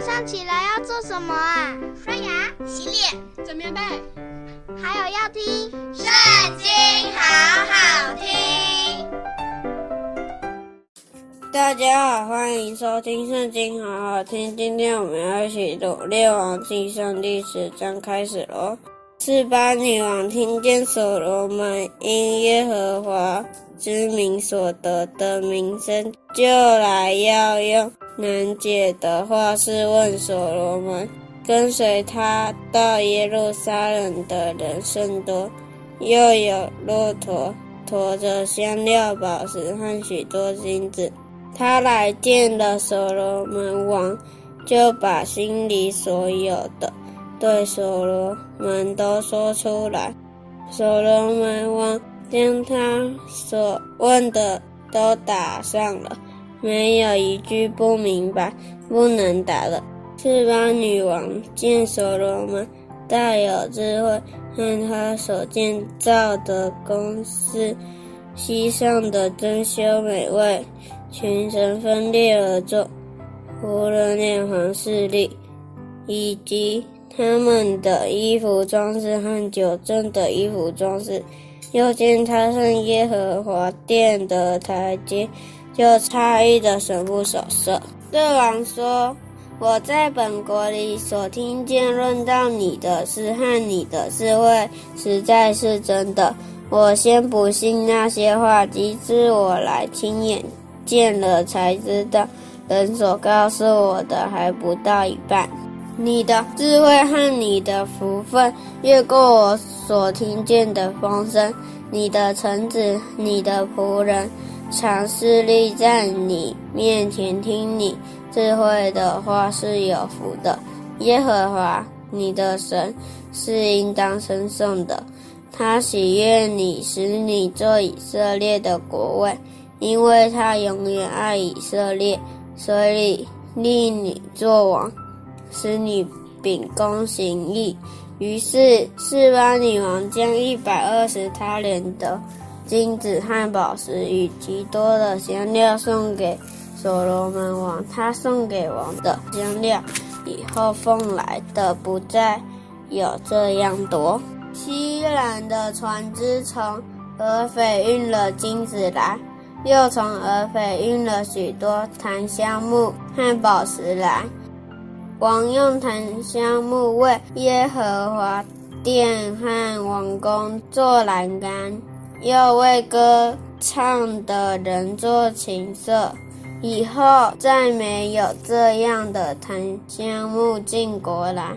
早上起來要做什麼啊？刷牙、洗臉、整棉被，還有要聽《聖經》，好好聽。大家好，歡迎收聽《聖經》，好好聽。今天我們要一起讀《列王紀上》第十章，開始咯。示巴女王聽見所羅門因耶和華之名所得的名聲，就來要用難解的話試問所羅門，跟隨他到耶路撒冷的人甚多，又有駱駝馱着香料、寶石和許多金子。他來見了所羅門王，就把心裡所有的對所羅門都說出來。所羅門王將他所問的都答上了。沒有一句不明白、不能答的。示巴女王見所羅門大有智慧，和他所建造的宮室，席上的珍饈美味，群臣分列而坐，僕人兩旁侍立，以及他們的衣服裝飾和酒政的衣服裝飾，又見他上耶和華殿的臺階。就詫異得神不守舍，對王說：“我在本國裡所聽見論到你的事和你的智慧，實在是真的。我先不信那些話，及至我來親眼見了，才知道人所告訴我的還不到一半。你的智慧和你的福分，越過我所聽見的風聲，你的臣子，你的僕人。”常侍立在你面前聽你智慧的話是有福的。耶和華你的神，是應當稱頌的，他喜悅你，使你坐以色列的國位，因為他永遠愛以色列，所以立你作王，使你秉公行義。於是示巴女王將一百二十他連得。金子和寶石，與極多的香料，送給所羅門王。他送給王的香料，以後奉來的不再有這樣多。希蘭的船隻從俄斐運了金子來，又從俄斐運了許多檀香木和寶石來。王用檀香木為耶和華殿和王宮做欄杆。要為歌唱的人做琴瑟。以後再沒有這樣的檀香木進國來，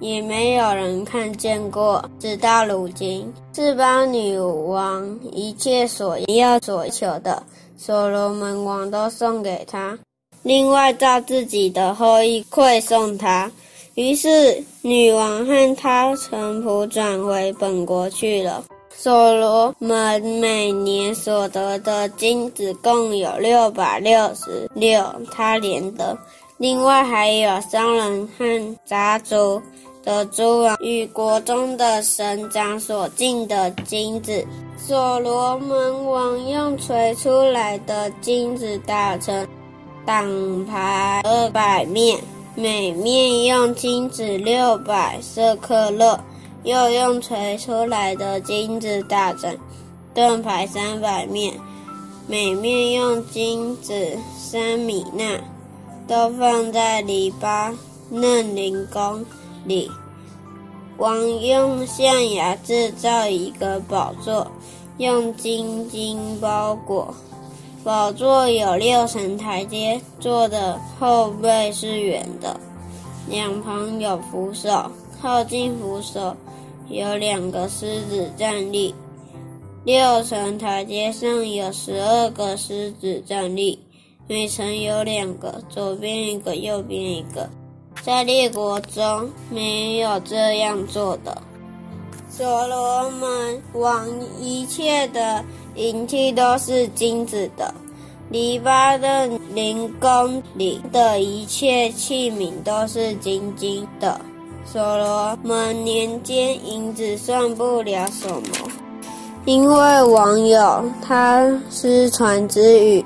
也沒有人看見過，直到如今。示巴女王一切所要所求的，所羅門王都送給她，另外照自己的厚意饋送她，於是女王和她臣僕轉回本國去了。所羅門每年所得的金子共有六百六十六他連得。另外還有商人和雜族的諸王，與國中的省長所進的金子。所羅門王用錘出來的金子打成擋牌二百面，每面用金子六百舍客勒。又用錘出來的金子打成盾牌三百面，每面用金子三彌那，都放在黎巴嫩林宮裡。王用象牙製造一個寶座，用精金包裹，寶座有六層台階，座的後背是圓的，兩旁有扶手，靠近扶手。有兩個獅子站立，六層臺階上有十二個獅子站立，每層有兩個，左邊一個，右邊一個。在列國中沒有這樣做的。所羅門王一切的飲器都是金子的，黎巴嫩林宮裡的一切器皿都是精金的。所羅門年間，銀子算不了什麼，因為王有他施船隻與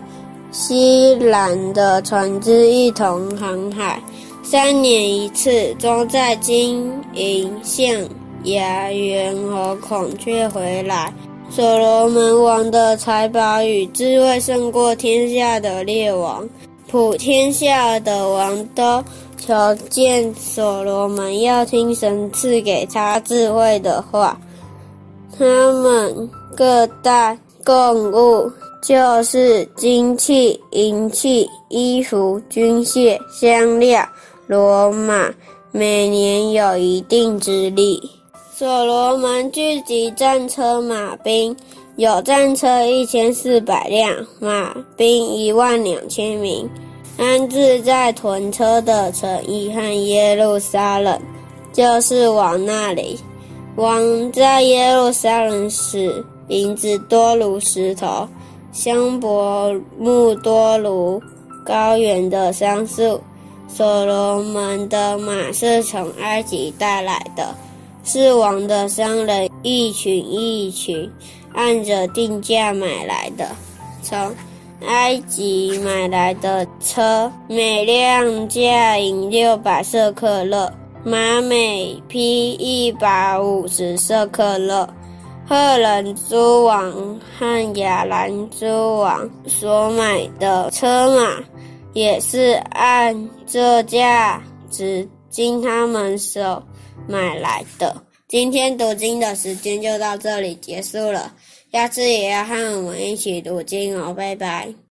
希蘭的船隻一同航海，三年一次，裝載金銀、象牙、猿猴和孔雀回來。所羅門王的財寶與智慧勝過天下的列王。普天下的王都求見所羅門，要聽神賜給他智慧的話。他們各帶貢物，就是金器、銀器、衣服、軍械、香料、騾馬，每年有一定之例。所羅門聚集戰車、馬兵。有戰車一千四百輛，馬兵一萬兩千名，安置在屯車的城邑和耶路撒冷，就是王那裡。王在耶路撒冷使銀子多如石頭，香柏木多如高原的桑樹。所羅門的馬是從埃及帶來的，是王的商人。一群一群按着定價買來的，從埃及買來的車，每輛價銀六百舍客勒；馬每匹一百五十舍客勒。赫人諸王和亞蘭諸王所買的車馬，也是按這價值經他們手買來的。今天讀經的時間就到這裡結束了，下次也要和我們一起讀經哦，拜拜。